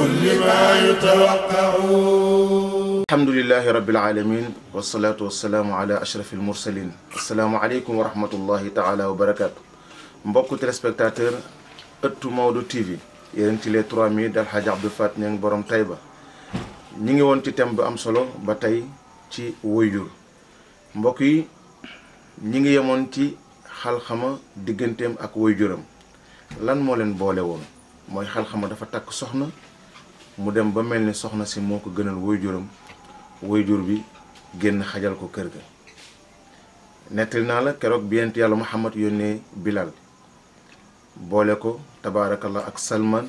كل ما يتوقعون الحمد لله رب العالمين والصلاة والسلام على أشرف المرسلين السلام عليكم ورحمة الله تعالى وبركاته مبكو تلسبكتاتر اتو مودو تي في يرنتي لي 3000 دال حاج عبد الفات نين بروم تايبا نيغي وون تي تيم بو ام سولو با تاي تي ويور مبكي نيغي يمون تي خال خما ديغنتيم اك ويجورم لان مولن بوله وون موي خال خما دا سخنا mu dem ba melni soxna si moko gënal waajuram wayjur bi génn xajal ko kër ga netal na la kérok bi yent yàlla Muhammad yonne Bilal bolé ko tabarakallah ak Salman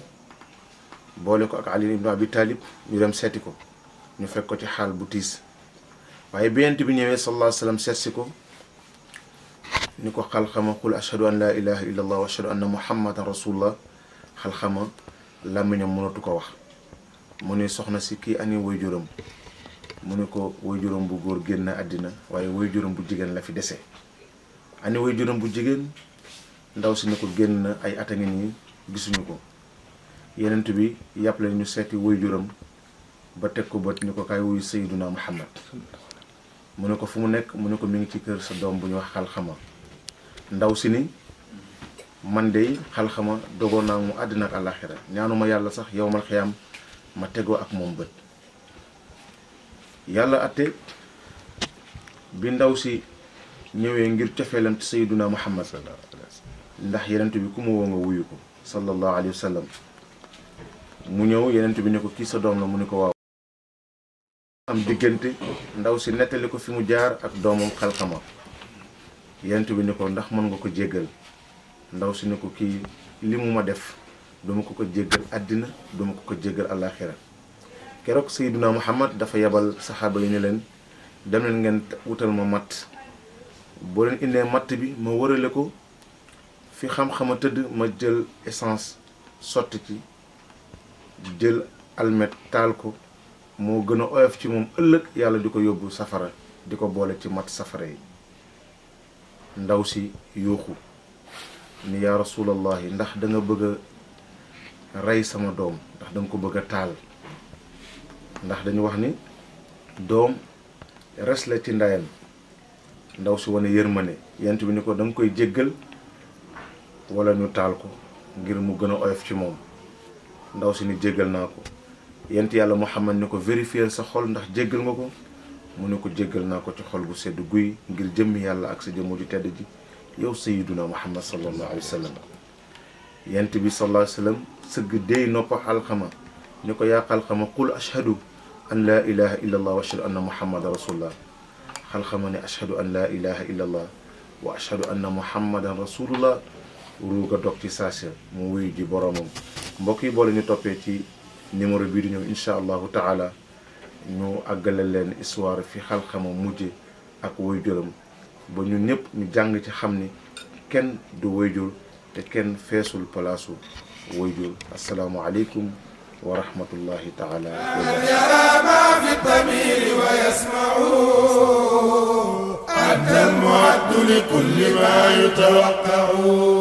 bolé ko ak Ali ibn Abi Talib ñu dem séti ko ñu fekk ko ci xal bu tiis waye bi yent bi ñewé sallallahu alayhi wasallam sallam seet si ko ni ko xalxama qul ashhadu an laa ilaha illa allah wa ashhadu anna muhammadan rasulullah xalxama làmmiñam mënatu ko wax mu ne soxna si kii ani woy juróom mu ne ko woy juróom góor génn àddina waaye woy juróom bu jigéen la fi dese ani woy juróom bu jigéen ndaw si ne ko génn ay at a gisuñu ko yenent bi yàpp leen ñu seeti woy juróom ba teg ko bët ni ko kaay wuyu Sayyiduna Muhammad mu ne ko fu mu nekk mu ne ko mi ngi ci kër sa doom bu ñu wax xalxama ndaw si ni man de xalxama dogoon naa mu àddina ak àllaaxira ñaanuma yàlla sax yowmal xiyaam ma tegoo ak moom bët yàlla atte bi ndaw si ñëwee ngir cofeelam ci sayyiduna muhammad ndax yenent bi ku mu woo nga wuyu ko sallallahu alayhi wa mu ñëw yenent bi ne ko kii sa doom la mu ne ko waaw am diggante ndaw si nettali ko fi mu jaar ak doomam xalxama yenent bi ne ko ndax mën nga ko jéggal ndaw si ne ko kii li mu ma def duma ko ko jéggal àddina duma ko ko jéggal àllaaxira keroog Seydina Muhammad dafa yebal saxaaba yi ne leen dem ngeen wutal ma matt boo leen indee matt bi ma wërale ko fi xam xam a tëdd ma jël essence sotti ci jël almet taal ko moo gën a oyof ci moom ëllëg yàlla di ko yóbbu safara di ko boole ci matt safara yi ndaw si yuuxu ni yaa rasuulallahi ndax da nga rey sama doom ndax dama ko bëgg a taal ndax dañu wax ni doom res la ci ndayam ndaw si wane yërmande yant bi ni ko danga koy jéggal walla ñu taal ko ngir mu gën a oyof ci moom ndaw si ni jéggal naa ko yent yàlla Muhammad ni ko vérifier sa xol ndax jéggal ma ko mu ne ko jéggal naa ko ci xol gu sedd guy ngir jëmmi yàlla ak sa jëmm ju tedd ji yow sayyiduna Muhammad sallallahu alayhi wa sallam yent bi sallallahu alayhi wa sallam sëgg dey nopp xalxama ni ko yaa xalxama qul ashhadu an laa ilaha illa allah wa ashhadu anna muhammadan rasulullah xalxama ne ashhadu an laa ilaha illa allah wa ashhadu anna muhammadan rasulullah ruuga dog ci saasa mu wuyu ji boromam mbokk yi boole ñu toppee ci numéro bii di ñëw incha allahu taala ñu àggale leen histoire fi xalxama mujje ak wayjuram ba ñu ñëpp ñu jàng ci xam ni kenn du wayjur te kenn feesul palaasu wayjur asalaamualeykum wa rahmatullahi taala yara ma fi damiri wa yasmau addan muaddu li kulli ma yutawaqau